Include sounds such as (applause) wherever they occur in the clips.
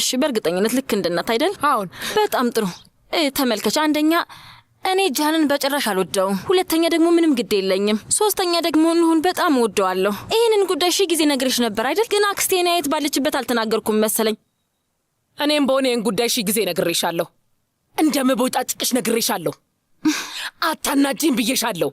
እሺ፣ በእርግጠኝነት ልክ እንደናት አይደል? አሁን በጣም ጥሩ ተመልከች። አንደኛ እኔ ጃንን በጭራሽ አልወደውም። ሁለተኛ ደግሞ ምንም ግድ የለኝም። ሶስተኛ ደግሞ እንሁን በጣም እወደዋለሁ። ይህንን ጉዳይ ሺ ጊዜ ነግሬሽ ነበር አይደል? ግን አክስቴን አየት ባለችበት አልተናገርኩም መሰለኝ። እኔም በሆነ ይህን ጉዳይ ሺ ጊዜ ነግሬሻለሁ። ጭቅሽ ነግሬሻለሁ። አታናጂን ብዬሻለሁ።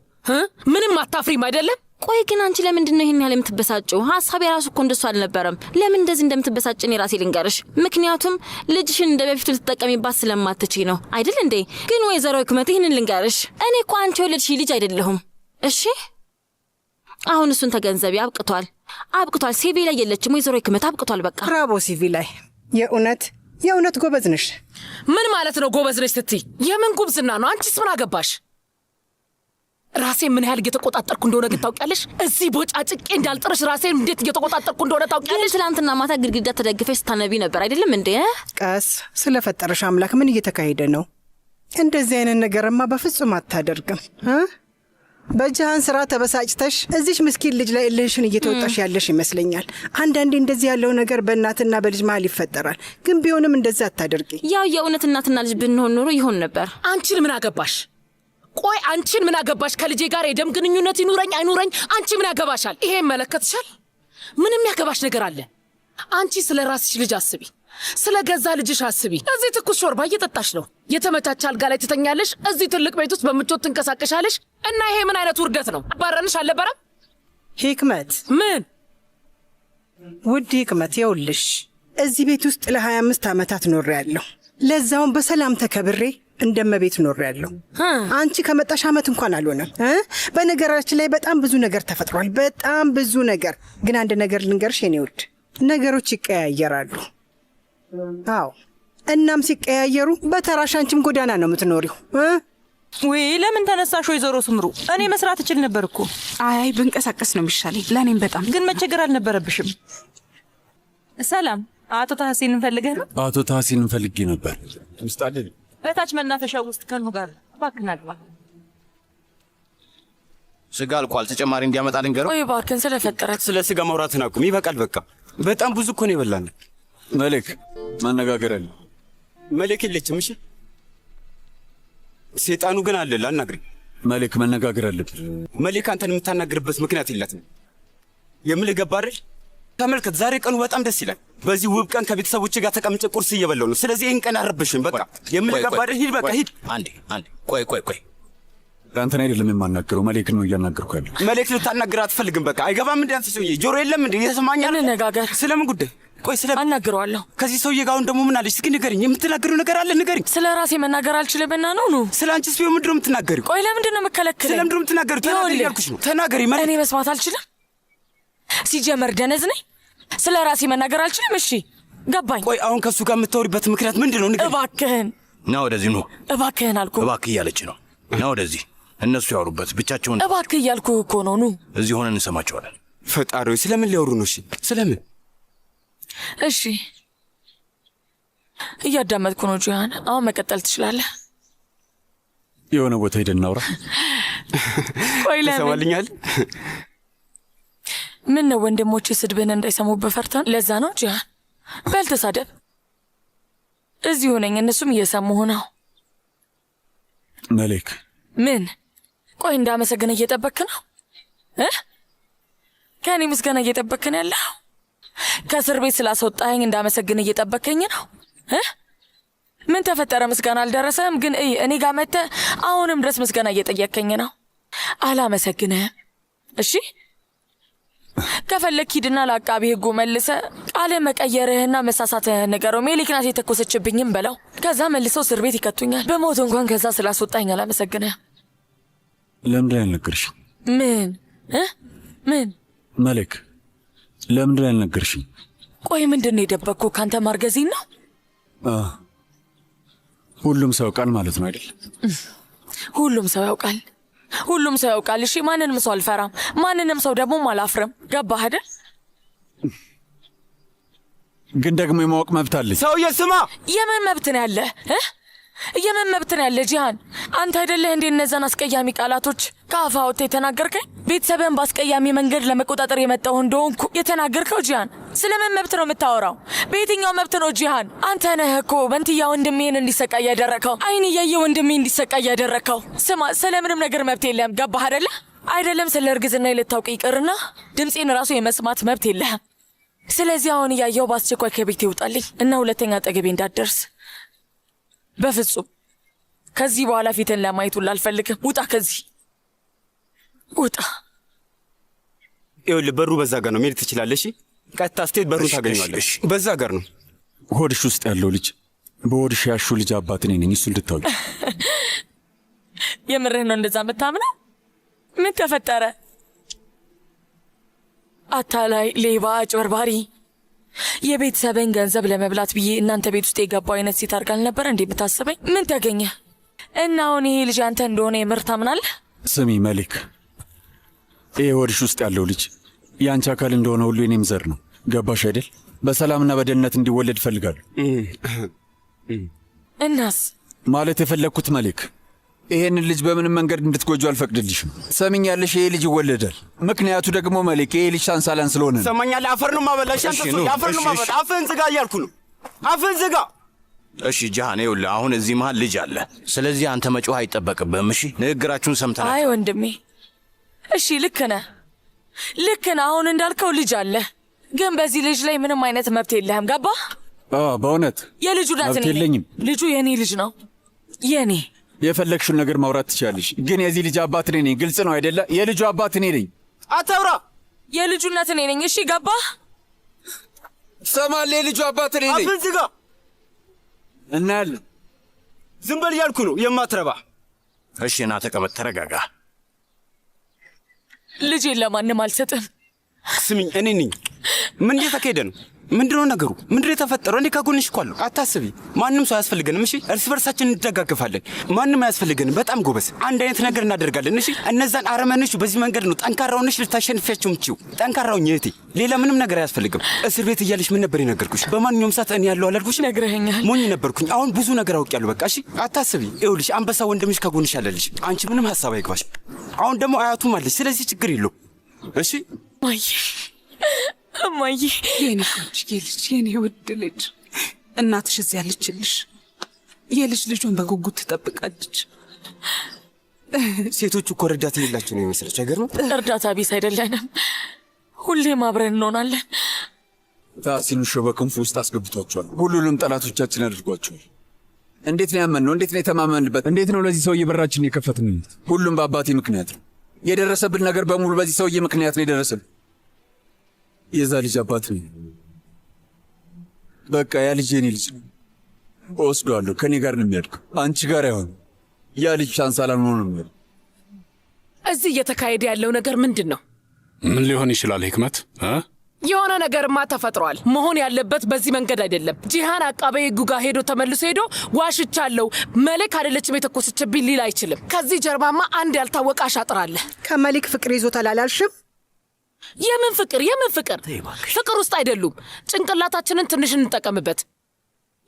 ምንም አታፍሪም አይደለም? ቆይ ግን አንቺ ለምንድን ነው ይሄን ያህል የምትበሳጭው? ሀሳብ የራሱ እኮ እንደሱ አልነበረም። ለምን እንደዚህ እንደምትበሳጭ እኔ ራሴ ልንገርሽ። ምክንያቱም ልጅሽን እንደ በፊቱ ልትጠቀሚባት ስለማትችይ ነው አይደል እንዴ? ግን ወይዘሮ ህክመት ይህንን ልንገርሽ፣ እኔ እኮ አንቺ የወለድሽ ልጅ አይደለሁም። እሺ አሁን እሱን ተገንዘቢ። አብቅቷል፣ አብቅቷል። ሲቪ ላይ የለችም ወይዘሮ ህክመት፣ አብቅቷል። በቃ ብራቦ ሲቪ ላይ የእውነት የእውነት ጎበዝ ነሽ። ምን ማለት ነው ጎበዝ ነሽ ስትይ? የምን ጉብዝና ነው? አንቺስ ምን አገባሽ? ራሴ ምን ያህል እየተቆጣጠርኩ እንደሆነ ግን ታውቂያለሽ። እዚህ ቦጫጭቄ እንዳልጥርሽ ራሴን እንዴት እየተቆጣጠርኩ እንደሆነ ታውቂያለሽ። ትላንትና ማታ ግድግዳ ተደግፈሽ ስታነቢ ነበር አይደለም እንዴ? ቀስ ስለፈጠረሽ አምላክ፣ ምን እየተካሄደ ነው? እንደዚህ አይነት ነገርማ በፍጹም አታደርግም። በጅሃን ስራ ተበሳጭተሽ እዚች ምስኪን ልጅ ላይ እልህሽን እየተወጣሽ ያለሽ ይመስለኛል። አንዳንዴ እንደዚህ ያለው ነገር በእናትና በልጅ መሀል ይፈጠራል። ግን ቢሆንም እንደዚህ አታደርጊ። ያው የእውነት እናትና ልጅ ብንሆን ኖሮ ይሆን ነበር። አንቺን ምን አገባሽ? ቆይ አንቺን ምን አገባሽ? ከልጄ ጋር የደም ግንኙነት ይኑረኝ አይኑረኝ አንቺ ምን ያገባሻል? ይሄ ይመለከትሻል? ምንም ያገባሽ ነገር አለ? አንቺ ስለ ራስሽ ልጅ አስቢ፣ ስለ ገዛ ልጅሽ አስቢ። እዚህ ትኩስ ሾርባ እየጠጣሽ ነው። የተመቻቸ አልጋ ላይ ትተኛለሽ። እዚህ ትልቅ ቤት ውስጥ በምቾት ትንቀሳቀሻለሽ። እና ይሄ ምን አይነት ውርደት ነው? አባረንሽ አልነበረም? ሂክመት ምን ውድ ሂክመት፣ የውልሽ እዚህ ቤት ውስጥ ለ25 ዓመታት ኖሬያለሁ። ለዛውም በሰላም ተከብሬ እንደመቤት ኖር ያለው አንቺ ከመጣሽ ዓመት እንኳን አልሆነም። በነገራችን ላይ በጣም ብዙ ነገር ተፈጥሯል። በጣም ብዙ ነገር ግን አንድ ነገር ልንገርሽ የኔ ውድ፣ ነገሮች ይቀያየራሉ። አዎ። እናም ሲቀያየሩ በተራሽ አንቺም ጎዳና ነው የምትኖሪው። ወይ ለምን ተነሳሽ ወይዘሮ ስምሩ? እኔ መስራት እችል ነበር እኮ። አይ ብንቀሳቀስ ነው የሚሻለኝ ለእኔም። በጣም ግን መቸገር አልነበረብሽም። ሰላም፣ አቶ ታህሲን እንፈልገ ነው? አቶ ታህሲን እንፈልጌ ነበር። በታች መናፈሻ ውስጥ ከኑ ጋር እባክህን አግባ። ስጋ አልቋል። ተጨማሪ እንዲያመጣ ልንገረው። ወይ እባክህን፣ ስለፈጠረት ስለ ስጋ ማውራትን አቁም። ይበቃል። በቃ በጣም ብዙ እኮ ነው የበላን። መልክ ማነጋገር አለ። መልክ የለችም። እሺ ሴጣኑ ግን አለ። ላናግሪ መልክ፣ መነጋገር አለብን። መልክ አንተን የምታናግርበት ምክንያት የላትም። የምልህ ገባህ አይደል? ተመልከት፣ ዛሬ ቀኑ በጣም ደስ ይላል። በዚህ ውብ ቀን ከቤተሰቦች ጋር ተቀምጬ ቁርስ እየበላሁ ነው። ስለዚህ ይህን ቀን አረብሽም። በቃ የምልገባደ ሂድ፣ በቃ ሂድ። አንዴ አንዴ፣ ቆይ ቆይ ቆይ፣ ለአንተን አይደለም የማናገረው፣ መሌክን ነው እያናገርኩ ያለ። መሌክ ልታናገር አትፈልግም። በቃ አይገባም። እንዲ አንተ ሰውዬ ጆሮ የለም እንዲ የተሰማኛ ነጋገር። ስለምን ጉዳይ ቆይ ስለ አናግረዋለሁ። ከዚህ ሰውዬ ጋር አሁን ደግሞ ምን አለች? እስኪ ንገርኝ። የምትናገሪው ነገር አለ ንገርኝ። ስለ ራሴ መናገር አልችልም ነው ነው ስለ አንቺስ ቢሆን ምንድን ነው የምትናገሪው? ቆይ ለምንድን ነው የምከለክለው? ስለምንድን ነው የምትናገሪው? ተናገሪ ያልኩሽ ነው። ተናገሪ። እኔ መስማት አልችልም። ሲጀመር ደነዝ ነኝ ስለ ራሴ መናገር አልችልም። እሺ ገባኝ። ቆይ አሁን ከእሱ ጋር የምታወሪበት ምክንያት ምንድን ነው? ንገሪኝ እባክህን። ና ወደዚህ ኑ እባክህን አልኩ። እባክህ እያለች ነው። ና ወደዚህ እነሱ ያወሩበት ብቻቸውን። እባክህ እያልኩ እኮ ነው። ኑ እዚህ ሆነን እንሰማቸዋለን። ፈጣሪዎች ስለምን ሊያወሩ ነው? እሺ ስለምን? እሺ እያዳመጥኩ ነው ጆያን። አሁን መቀጠል ትችላለህ። የሆነ ቦታ ሄደን እናውራ። ቆይ ለምን ምን ነው ወንድሞች ስድብህን እንዳይሰሙብህ ፈርተን ለዛ ነው ጂያን በል ተሳደብ። እዚሁ እነሱም እየሰሙህ ነው። መሌክ ምን ቆይ እንዳመሰግን እየጠበክ ነው እ ከእኔ ምስጋና እየጠበክ ነው ያለኸው? ከእስር ቤት ስላስወጣኸኝ እንዳመሰግን እየጠበከኝ ነው ምን ተፈጠረ? ምስጋና አልደረሰም ግን እይ እኔ ጋር መጥተህ አሁንም ድረስ ምስጋና እየጠየከኝ ነው። አላመሰግንህም እሺ ከፈለግ ሂድና ለአቃቢ ህጉ መልሰ ቃለ መቀየርህና መሳሳትህ ነገረው። ሜሊክ ናት የተኮሰችብኝም በለው። ከዛ መልሰው እስር ቤት ይከቱኛል። በሞት እንኳን ከዛ ስላስወጣኝ አላመሰግነ ለምንድን ያልነገርሽኝ? ምን ምን መልክ፣ ለምንድን ያልነገርሽኝ? ቆይ ምንድን የደበቅኩ? ካንተ ማርገዚን ነው ሁሉም ሰው ያውቃል ማለት ነው አይደል? ሁሉም ሰው ያውቃል። ሁሉም ሰው ያውቃል። እሺ፣ ማንንም ሰው አልፈራም፣ ማንንም ሰው ደግሞ አላፍርም። ገባህ አይደል? ግን ደግሞ የማወቅ መብት አለኝ። ሰውዬ ስማ፣ የምን መብት ነው ያለህ? የምን መብት ነው ያለህ? ጂሃን፣ አንተ አይደለህ እንዴ እነዛን አስቀያሚ ቃላቶች ከአፋ ወጥተህ የተናገርከኝ? ቤተሰብን በአስቀያሚ መንገድ ለመቆጣጠር የመጣው እንደሆንኩ የተናገርከው ጂሃን፣ ስለምን መብት ነው የምታወራው? በየትኛው መብት ነው ጂሃን? አንተ ነህ እኮ በንትያ ወንድሜን እንዲሰቃ ያደረከው። አይን እያየ ወንድሜ እንዲሰቃ እያደረግከው። ስማ፣ ስለምንም ነገር መብት የለም። ገባህ አደለ? አይደለም ስለ እርግዝና ልታውቅ ይቅርና ድምፄን ራሱ የመስማት መብት የለህም። ስለዚህ አሁን እያየው በአስቸኳይ ከቤት ይውጣልኝ እና ሁለተኛ አጠገቤ እንዳትደርስ በፍጹም። ከዚህ በኋላ ፊትን ለማየት ሁላ አልፈልግም። ውጣ ከዚህ ውጣ። ይኸውልህ በሩ በዛ ጋር ነው፣ መሄድ ትችላለሽ። ቀጥታ ስትሄድ በሩ ታገኘዋለሽ። በዛ ጋር ነው። ሆድሽ ውስጥ ያለው ልጅ በሆድሽ ያሹ ልጅ አባት እኔ ነኝ። እሱ እንድታውቂ። (laughs) የምርህ ነው እንደዛ የምታምነው? ምን ተፈጠረ? አታላይ፣ ሌባ፣ አጭበርባሪ የቤተሰብን ገንዘብ ለመብላት ብዬ እናንተ ቤት ውስጥ የገባው አይነት ሴት አድርጋ አልነበረ እንዴ ብታስበኝ? ምን ተገኘ እና አሁን ይሄ ልጅ አንተ እንደሆነ የምር ታምናለህ? ስሚ መሊክ ይህ ወድሽ ውስጥ ያለው ልጅ የአንቺ አካል እንደሆነ ሁሉ የኔም ዘር ነው። ገባሽ አይደል? በሰላምና በደህንነት እንዲወለድ እፈልጋለሁ። እናስ ማለት የፈለግኩት መልክ ይሄንን ልጅ በምንም መንገድ እንድትጎጁ አልፈቅድልሽም። ሰሚኛለሽ? ይሄ ልጅ ይወለዳል። ምክንያቱ ደግሞ መልክ ይሄ ልጅ ሳንሳላን ስለሆነ ሰማኛለ። አፈር ነው ማበላሽ። አፈር ነው ማበላ። አፍህን ዝጋ እያልኩ ነው። አፍህን ዝጋ። እሺ ጃሃን፣ ይኸውልህ አሁን እዚህ መሃል ልጅ አለ። ስለዚህ አንተ መጮህ አይጠበቅብህም። እሺ፣ ንግግራችሁን ሰምተናል። አይ ወንድሜ እሺ ልክ ነህ፣ ልክ ነህ። አሁን እንዳልከው ልጅ አለ፣ ግን በዚህ ልጅ ላይ ምንም አይነት መብት የለህም። ገባህ? በእውነት የልጁ ናት የለኝም። ልጁ የኔ ልጅ ነው የኔ። የፈለግሽውን ነገር ማውራት ትችላለሽ፣ ግን የዚህ ልጅ አባት እኔ ነኝ። ግልጽ ነው አይደለ? የልጁ አባት እኔ ነኝ። አታውራ። የልጁ እናት እኔ ነኝ። እሺ ገባህ? ሰማል። የልጁ አባት እኔ ነኝ። ዝጋ። እናያለን። ዝም በል እያልኩ ነው የማትረባ። እሺ ና ተቀመጥ፣ ተረጋጋ። ልጄን ለማንም አልሰጥም። ስሚኝ፣ እኔ ነኝ። ምን እየተካሄደ ነው? ምንድነው ነገሩ? ምንድነው የተፈጠረው? እኔ ከጎንሽ እኮ አለሁ፣ አታስቢ። ማንም ሰው አያስፈልገንም። እሺ፣ እርስ በርሳችን እንደጋግፋለን። ማንም አያስፈልገንም። በጣም ጎበዝ፣ አንድ አይነት ነገር እናደርጋለን። እሺ፣ እነዛን አረመኖች በዚህ መንገድ ነው ጠንካራውንሽ ልታሸንፊያቸው ምችው። ጠንካራው እህቴ፣ ሌላ ምንም ነገር አያስፈልግም። እስር ቤት እያለሽ ምን ነበር የነገርኩሽ? በማንኛውም ሰዓት እኔ ያለው አላልኩሽ? ነግረኸኛል። ሞኝ ነበርኩኝ። አሁን ብዙ ነገር አውቄያለሁ። በቃ እሺ፣ አታስቢ። ይኸውልሽ፣ አንበሳ ወንድምሽ ከጎንሽ አለልሽ። አንቺ ምንም ሀሳብ አይግባሽ። አሁን ደግሞ አያቱም አለሽ። ስለዚህ ችግር የለው። እሺ እማዬ የኔ ልጅ የልጅ የኔ ውድ ልጅ እናትሽ እዚያ ያለችልሽ የልጅ ልጁን በጉጉት ትጠብቃለች። ሴቶቹ እኮ እርዳታ የሌላቸው ነው የሚመስለች። ነው። እርዳታ ቢስ አይደለንም፣ ሁሌም አብረን እንሆናለን። ታሲሉሾ በክንፉ ውስጥ አስገብቷቸዋል። ሁሉንም ጠላቶቻችን አድርጓቸዋል። እንዴት ነው ያመንነው? እንዴት ነው የተማመንበት? እንዴት ነው ለዚህ ሰውዬ በራችን የከፈትንለት? ሁሉም በአባቴ ምክንያት ነው የደረሰብን ነገር በሙሉ በዚህ ሰውዬ ምክንያት ነው የደረሰብን። የዛ ልጅ አባት ነኝ። በቃ ያ ልጅ የኔ ልጅ ወስዷለሁ። ከኔ ጋር ነው የሚያድገው፣ አንቺ ጋር አይሆን። ያ ልጅ ቻንስ አላልሆነ ነው የሚያል። እዚህ እየተካሄደ ያለው ነገር ምንድን ነው? ምን ሊሆን ይችላል ህክመት? የሆነ ነገርማ ተፈጥሯል። መሆን ያለበት በዚህ መንገድ አይደለም። ጂሃን አቃቤ ህጉ ጋር ሄዶ ተመልሶ ሄዶ ዋሽቻለሁ፣ መሌክ አይደለችም የተኮሰችብኝ ሊል አይችልም። ከዚህ ጀርባማ አንድ ያልታወቀ አሻጥር አለ። ከመሌክ ፍቅር ይዞታል አላልሽም? የምን ፍቅር የምን ፍቅር ፍቅር ውስጥ አይደሉም። ጭንቅላታችንን ትንሽ እንጠቀምበት።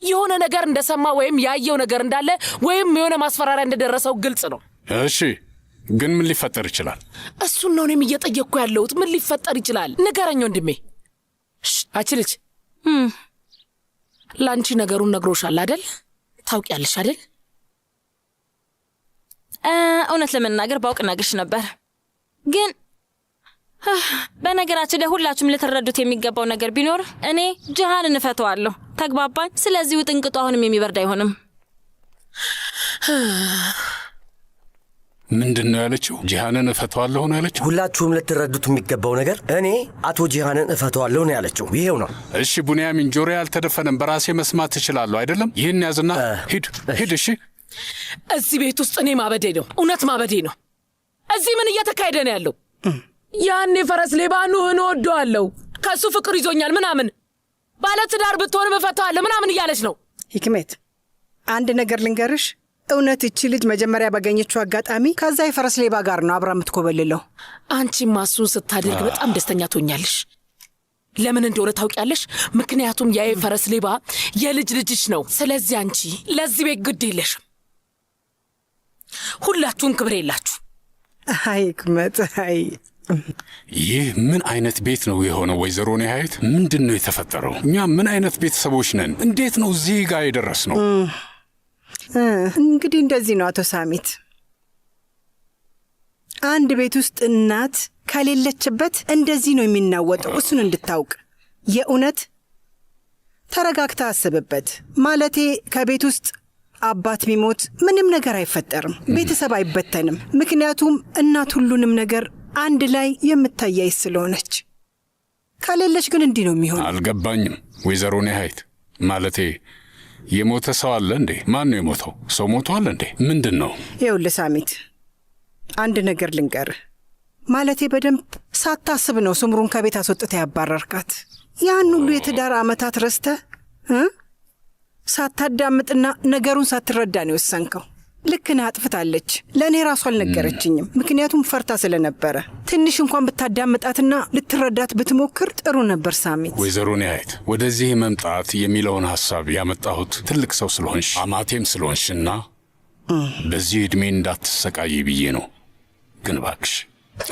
የሆነ ነገር እንደሰማ ወይም ያየው ነገር እንዳለ ወይም የሆነ ማስፈራሪያ እንደደረሰው ግልጽ ነው። እሺ፣ ግን ምን ሊፈጠር ይችላል? እሱን ነው እኔም እየጠየቅኩ ያለሁት። ምን ሊፈጠር ይችላል? ንገረኝ ወንድሜ። አቺ ልጅ ለአንቺ ነገሩን ነግሮሻል አደል? ታውቂያለሽ አደል? እውነት ለመናገር ባውቅ ነግርሽ ነበር ግን በነገራችን ላይ ሁላችሁም ልትረዱት የሚገባው ነገር ቢኖር እኔ ጅሃንን እፈተዋለሁ። ተግባባን? ስለዚህ ውጥንቅጡ አሁንም የሚበርድ አይሆንም። ምንድን ነው ያለችው? ጂሃንን እፈተዋለሁ ነው ያለችው። ሁላችሁም ልትረዱት የሚገባው ነገር እኔ አቶ ጂሃንን እፈተዋለሁ ነው ያለችው። ይሄው ነው። እሺ ቡንያሚን፣ ጆሮ አልተደፈነም። በራሴ መስማት ትችላለሁ አይደለም? ይህን ያዝና ሂድ፣ ሂድ። እሺ እዚህ ቤት ውስጥ እኔ ማበዴ ነው፣ እውነት ማበዴ ነው። እዚህ ምን እየተካሄደ ነው ያለው? ያኔ ፈረስ ሌባ ኑህን ወደዋለሁ ከእሱ ፍቅር ይዞኛል ምናምን ባለ ትዳር ብትሆንም እፈታዋለሁ ምናምን እያለች ነው። ሂክሜት አንድ ነገር ልንገርሽ፣ እውነት እቺ ልጅ መጀመሪያ ባገኘችው አጋጣሚ ከዛ የፈረስ ሌባ ጋር ነው አብራ የምትኮበልለው። አንቺማ እሱን ስታደርግ በጣም ደስተኛ ትሆኛለሽ። ለምን እንደሆነ ታውቂያለሽ? ምክንያቱም ያ የፈረስ ሌባ የልጅ ልጅሽ ነው። ስለዚህ አንቺ ለዚህ ቤት ግድ የለሽም። ሁላችሁም ክብር የላችሁ። አይ ሂክመት አይ ይህ ምን አይነት ቤት ነው የሆነው? ወይዘሮ ነሐይት ምንድን ነው የተፈጠረው? እኛ ምን አይነት ቤተሰቦች ነን? እንዴት ነው እዚህ ጋር የደረስ ነው? እንግዲህ እንደዚህ ነው አቶ ሳሚት፣ አንድ ቤት ውስጥ እናት ከሌለችበት እንደዚህ ነው የሚናወጠው። እሱን እንድታውቅ የእውነት ተረጋግታ አስብበት። ማለቴ ከቤት ውስጥ አባት ቢሞት ምንም ነገር አይፈጠርም፣ ቤተሰብ አይበተንም። ምክንያቱም እናት ሁሉንም ነገር አንድ ላይ የምታያይ ስለሆነች ከሌለች ግን እንዲህ ነው የሚሆን። አልገባኝም። ወይዘሮ ኔሀይት ማለቴ የሞተ ሰው አለ እንዴ? ማን ነው የሞተው? ሰው አለ እንዴ? ምንድን ነው? ይኸውልህ ሳሚት፣ አንድ ነገር ልንገርህ። ማለቴ በደንብ ሳታስብ ነው ስምሩን ከቤት አስወጥተ ያባረርካት። ያን ሁሉ የትዳር ዓመታት ረስተ? ሳታዳምጥና ነገሩን ሳትረዳ ነው የወሰንከው። ልክን አጥፍታለች። ለእኔ ራሱ አልነገረችኝም፣ ምክንያቱም ፈርታ ስለነበረ። ትንሽ እንኳን ብታዳምጣትና ልትረዳት ብትሞክር ጥሩ ነበር። ሳሚት፣ ወይዘሮ ንያየት ወደዚህ መምጣት የሚለውን ሀሳብ ያመጣሁት ትልቅ ሰው ስለሆንሽ አማቴም ስለሆንሽና በዚህ ዕድሜ እንዳትሰቃይ ብዬ ነው። ግን ባክሽ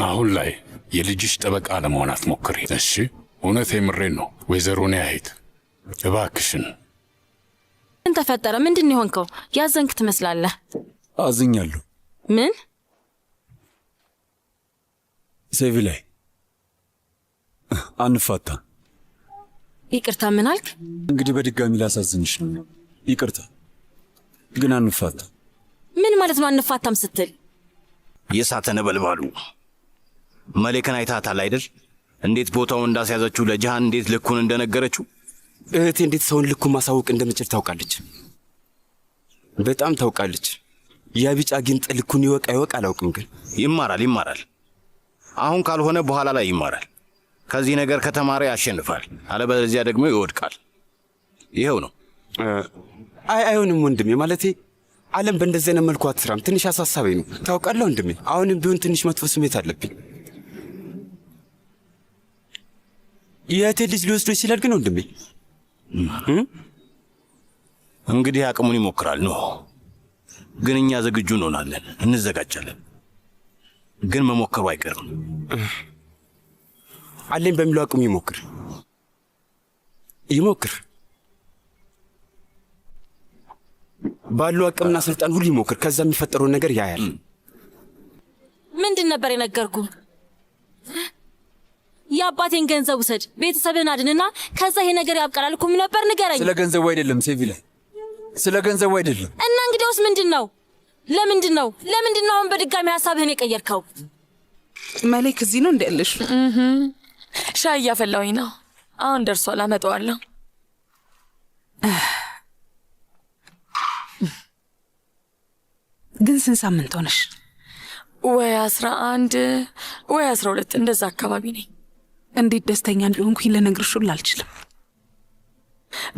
አሁን ላይ የልጅሽ ጠበቃ ለመሆን አትሞክሪ፣ እሺ? እውነት የምሬን ነው። ወይዘሮ ንያየት እባክሽን ምን ተፈጠረ? ምንድን የሆንከው? ያዘንክ ትመስላለህ። አዝኛለሁ። ምን ሴቪ ላይ አንፋታ። ይቅርታ። ምን አልክ? እንግዲህ በድጋሚ ላሳዝንሽ ነው። ይቅርታ፣ ግን አንፋታ። ምን ማለት ነው? አንፋታም ስትል የእሳተ ነበልባሉ መሌክን አይታታል አይደል? እንዴት ቦታውን እንዳስያዘችው ለጃሃን እንዴት ልኩን እንደነገረችው እህቴ እንዴት ሰውን ልኩ ማሳወቅ እንደምችል ታውቃለች፣ በጣም ታውቃለች። ያ ቢጫ ጊንጥ ልኩን ይወቅ አይወቅ አላውቅም፣ ግን ይማራል ይማራል። አሁን ካልሆነ በኋላ ላይ ይማራል። ከዚህ ነገር ከተማረ ያሸንፋል፣ አለበለዚያ ደግሞ ይወድቃል። ይኸው ነው። አይ አይሆንም ወንድሜ፣ ማለቴ ዓለም በእንደዚህ አይነት መልኩ አትስራም። ትንሽ አሳሳቢ ነው ታውቃለህ ወንድሜ። አሁንም ቢሆን ትንሽ መጥፎ ስሜት አለብኝ። የእህቴ ልጅ ሊወስዶ ይችላል ግን ወንድሜ እንግዲህ አቅሙን ይሞክራል ነው። ግን እኛ ዝግጁ እንሆናለን፣ እንዘጋጃለን። ግን መሞከሩ አይቀርም። አለኝ በሚለው አቅሙ ይሞክር ይሞክር ባለው አቅምና ስልጣን ሁሉ ይሞክር። ከዛ የሚፈጠረውን ነገር ያያል። ምንድን ነበር የነገርኩህ? የአባቴን ገንዘብ ውሰድ፣ ቤተሰብን አድንና ከዛ ይሄ ነገር ያብቃል። ነበር ንገረኝ። ስለ ገንዘቡ አይደለም ሴቪላ፣ ስለ ገንዘቡ አይደለም። እና እንግዲያውስ ምንድን ነው? ለምንድን ነው ለምንድን ነው አሁን በድጋሚ ሀሳብህን የቀየርከው? መሌክ እዚህ ነው እንደልሽ ሻይ እያፈላሁኝ ነው። አሁን ደርሷል፣ አመጣዋለሁ። ግን ስንት ሳምንት ሆነሽ? ወይ አስራ አንድ ወይ አስራ ሁለት እንደዛ አካባቢ ነኝ። እንዴት ደስተኛ እንደሆንኩኝ ልነግርሽ አልችልም።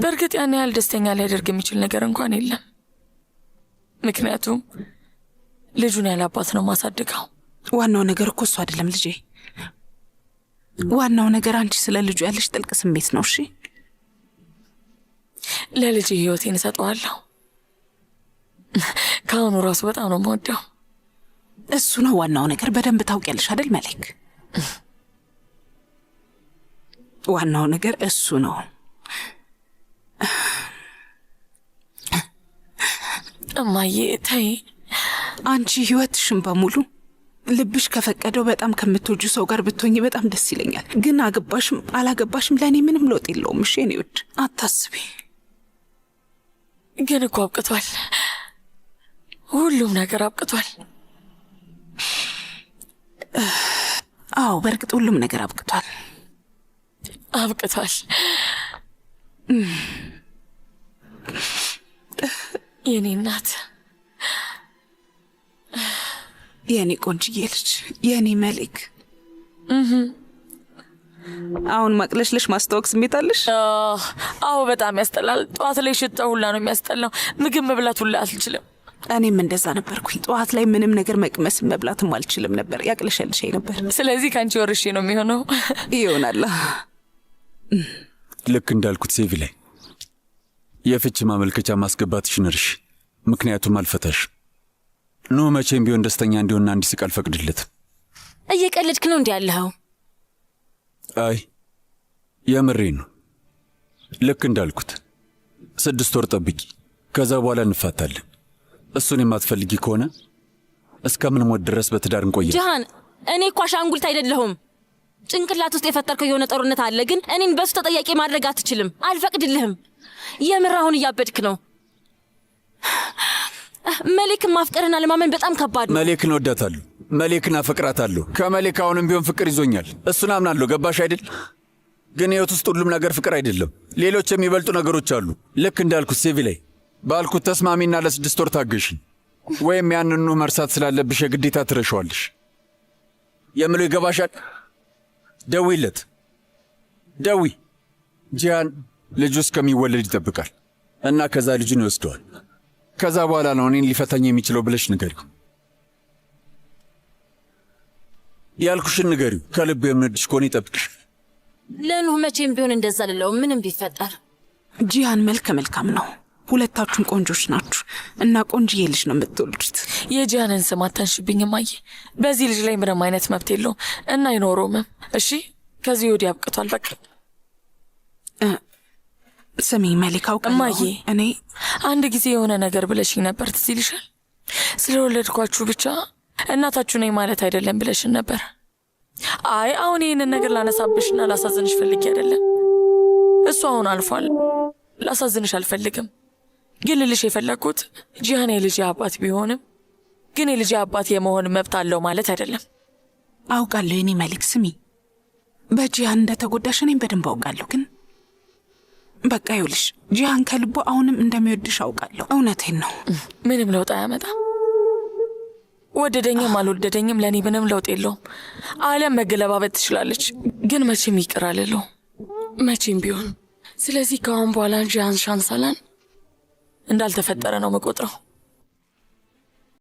በእርግጥ ያን ያህል ደስተኛ ሊያደርግ የሚችል ነገር እንኳን የለም። ምክንያቱም ልጁን ያለ አባት ነው ማሳድገው። ዋናው ነገር እኮ እሱ አይደለም ልጄ፣ ዋናው ነገር አንቺ ስለ ልጁ ያለሽ ጥልቅ ስሜት ነው። እሺ፣ ለልጅ ህይወቴን እሰጠዋለሁ። ከአሁኑ ራሱ በጣም ነው የምወደው። እሱ ነው ዋናው ነገር። በደንብ ታውቂያለሽ አይደል መሌክ? ዋናው ነገር እሱ ነው። እማዬ ተይ፣ አንቺ ህይወትሽን በሙሉ ልብሽ ከፈቀደው በጣም ከምትወጁ ሰው ጋር ብትሆኝ በጣም ደስ ይለኛል። ግን አገባሽም አላገባሽም ለእኔ ምንም ለውጥ የለውም። እሺ የኔ ውድ አታስቢ። ግን እኮ አብቅቷል፣ ሁሉም ነገር አብቅቷል። አዎ በእርግጥ ሁሉም ነገር አብቅቷል። አብቅቷል። የኔ እናት፣ የኔ ቆንጅዬ ልጅ፣ የኔ መልክ፣ አሁን ማቅለሽለሽ ማስታወቅ ስሜት አለሽ? አዎ፣ በጣም ያስጠላል። ጠዋት ላይ ሽታ ሁላ ነው የሚያስጠላው። ምግብ መብላት ሁላ አልችልም። እኔም እንደዛ ነበርኩኝ። ጠዋት ላይ ምንም ነገር መቅመስ መብላትም አልችልም ነበር፣ ያቅለሸልሸኝ ነበር። ስለዚህ ከአንቺ ወርሼ ነው የሚሆነው። ይሆናል ልክ እንዳልኩት ሴቪ ላይ የፍች ማመልከቻ ማስገባትሽ ሽንርሽ ምክንያቱም አልፈታሽ ኖ መቼም ቢሆን ደስተኛ እንዲሆንና እንዲስቅ አልፈቅድለት። እየቀለድክ ነው እንዲህ ያለኸው? አይ የምሬ ነው። ልክ እንዳልኩት ስድስት ወር ጠብቂ፣ ከዛ በኋላ እንፋታለን። እሱን የማትፈልጊ ከሆነ እስከምንሞት ድረስ በትዳር እንቆያለን። ጃሃን፣ እኔ እኳ አሻንጉሊት አይደለሁም። ጭንቅላት ውስጥ የፈጠርከው የሆነ ጦርነት አለ፣ ግን እኔን በሱ ተጠያቂ ማድረግ አትችልም። አልፈቅድልህም። የምር አሁን እያበድክ ነው። መሌክን ማፍቀርና ለማመን በጣም ከባድ ነው። መሌክን ወዳታለሁ፣ መሌክን አፈቅራታለሁ። ከመሌክ አሁንም ቢሆን ፍቅር ይዞኛል። እሱን አምናለሁ። ገባሽ አይደል? ግን ህይወት ውስጥ ሁሉም ነገር ፍቅር አይደለም። ሌሎች የሚበልጡ ነገሮች አሉ። ልክ እንዳልኩት ሴቪ ላይ ባልኩት ተስማሚና ለስድስት ወር ታገሽ፣ ወይም ያንኑ መርሳት ስላለብሽ የግዴታ ትረሸዋለሽ የምለው ይገባሻል። ደዊለት ደዊ ጂያን ልጁ እስከሚወለድ ይጠብቃል እና ከዛ ልጁን ይወስደዋል። ከዛ በኋላ ነው እኔን ሊፈታኝ የሚችለው ብለሽ ንገሪው። ያልኩሽን ንገሪው። ከልብ የምንድሽ ከሆነ ይጠብቅሽ። ለኑህ መቼም ቢሆን እንደዛ ልለው ምንም ቢፈጠር ጂያን መልከ መልካም ነው። ሁለታችሁም ቆንጆች ናችሁ እና ቆንጅዬ ልጅ ነው የምትወልዱት። የጂያንን ስም አታንሽብኝ እማዬ። በዚህ ልጅ ላይ ምንም አይነት መብት የለውም እና አይኖረውምም። እሺ ከዚህ ወዲህ አብቅቷል። በቃ ስሚ መሊካው እማዬ፣ እኔ አንድ ጊዜ የሆነ ነገር ብለሽኝ ነበር፣ ትዝ ይልሻል? ስለወለድኳችሁ ብቻ እናታችሁ ነኝ ማለት አይደለም ብለሽን ነበር። አይ አሁን ይህንን ነገር ላነሳብሽና ላሳዝንሽ ፈልጌ አይደለም። እሱ አሁን አልፏል። ላሳዝንሽ አልፈልግም። ግን ልልሽ የፈለግኩት ጂሃን የልጅ አባት ቢሆንም ግን የልጅ አባት የመሆን መብት አለው ማለት አይደለም። አውቃለሁ የኔ መልክ፣ ስሚ በጂሃን እንደተጎዳሽ እኔም በደንብ አውቃለሁ። ግን በቃ ይውልሽ፣ ጂሃን ከልቦ አሁንም እንደሚወድሽ አውቃለሁ። እውነቴን ነው። ምንም ለውጥ አያመጣም። ወደደኝም አልወደደኝም ለእኔ ምንም ለውጥ የለውም። አለም መገለባበት ትችላለች፣ ግን መቼም ይቅር አልለው መቼም ቢሆን። ስለዚህ ከአሁን በኋላ ጂሃን ሻንሳላን እንዳልተፈጠረ ነው መቆጥረው።